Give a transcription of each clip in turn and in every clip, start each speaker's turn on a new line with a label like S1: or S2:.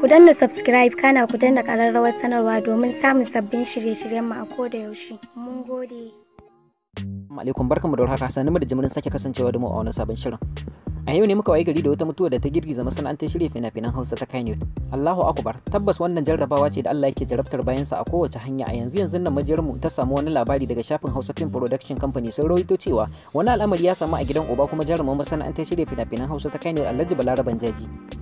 S1: Ku danna subscribe kana ku danna ƙararrawar sanarwa domin samun sabbin shirye-shiryenmu a koda yaushe. Mun
S2: gode.
S3: alaikum barkanmu da warhaka sanin da jimirin sake kasancewa da mu a wani sabon shirin. A yau ne muka wayi gari da wata mutuwa da ta girgiza masana'antar shirya fina-finan Hausa ta Kainet. Allahu akbar, tabbas wannan jarrabawa ce da Allah yake jarabtar bayansa a kowace hanya a yanzu yanzu nan majiyar mu ta samu wani labari daga shafin Hausa Film Production Company sun rawaito cewa wani al'amari ya samu a gidan uba kuma jaruman masana'antar shirya fina-finan Hausa ta Kainet Alhaji Balaraban Jaji.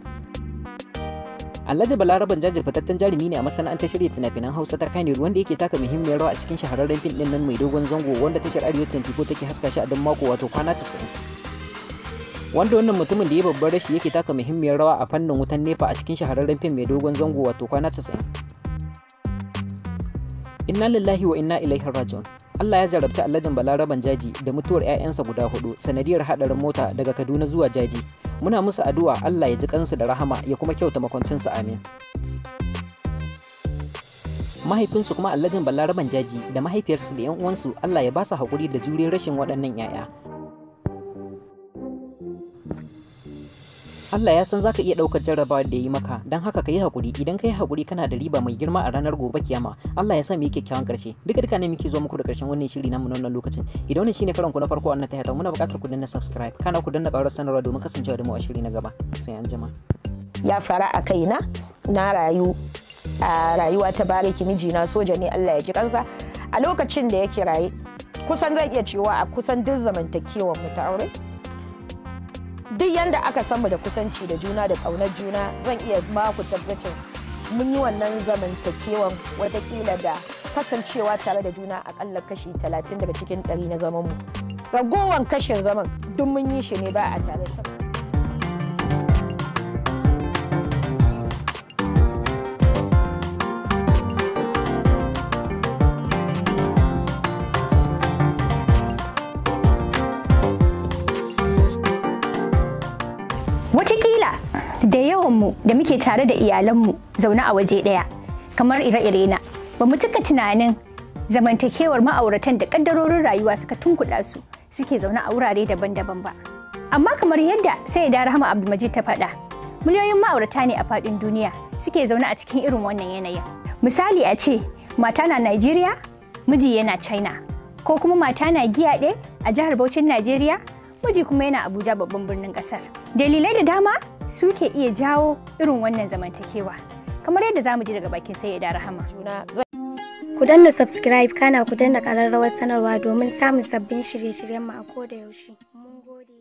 S3: Alhaji Balaraban Jaji fitattun jarumi ne a masana'antar shirya fina-finan Hausa ta Kano wanda yake taka muhimmiyar rawa a cikin shahararren fim din nan mai dogon zango wanda tashar Arewa 24 take haska shi a dan mako wato kwana 90. Wanda wannan mutumin da ya babbar rashi yake taka muhimmiyar rawa a fannin wutan nefa a cikin shahararren fim mai dogon zango wato kwana 90. Inna lillahi wa inna ilaihi raji'un. Allah ya jarabci Alhajin Balaraban Jaji da mutuwar 'ya'yansa guda hudu sanadiyar hadarin mota daga Kaduna zuwa Jaji. Muna musu addu'a Allah ya ji kansu da rahama ya kuma kyauta su amin. Mahaifinsu kuma Alhajin Balaraban Jaji da mahaifiyarsu da 'yan uwansu Allah ya ba su haƙuri da jure rashin waɗannan 'ya'ya. Allah ya san zaka iya ɗaukar jarrabawa da ya yi maka, don haka ka yi idan ka yi haƙuri kana da riba mai girma a ranar gobe kiyama. Allah ya sa mu yi kyakkyawan ƙarshe. Duka duka ne muke zo muku da ƙarshen wannan shiri namu na wannan lokacin. Idan wannan shine karon ku na farko wannan ta muna buƙatar ku danna subscribe, kana ku danna ƙarar sanarwa domin kasancewa da mu a shiri na gaba. Sai an jima.
S1: Ya fara a kaina, na rayu a rayuwa ta bariki mijina soja ne Allah ya ji kansa. A lokacin da yake raye, kusan zai iya cewa a kusan duk zamantakewar mu ta aure. duk yanda aka san mu da kusanci da juna da ƙaunar juna zan iya ba ku tabbacin mun yi wannan zamantakewan watakila da kasancewa tare da juna akalla kashi talatin daga cikin ɗari na zamanmu. Ragowan kashin zaman duk mun yi shi ne ba a tare.
S2: Wataƙila da yawanmu da muke tare da iyalanmu zaune a waje ɗaya kamar ire-ire na ba mu cika tunanin zamantakewar ma'auratan da ƙaddarorin rayuwa suka tunkuɗa su suke zaune a wurare daban-daban ba. Amma kamar yadda sai da Rahama Abdulmajid ta faɗa, miliyoyin ma'aurata ne a faɗin duniya suke zaune a cikin irin wannan yanayin. Misali a ce mata na Najeriya, miji yana China, ko kuma mata na giya ɗaya a jihar Bauchin Najeriya miji kuma yana abuja babban birnin kasar dalilai da dama suke iya jawo irin wannan zamantakewa kamar yadda za mu ji daga bakin sai da rahama
S1: ku danna subscribe kana ku danna kararrawar sanarwa domin samun sabbin shirye-shiryen mu a koda yaushe
S2: mun gode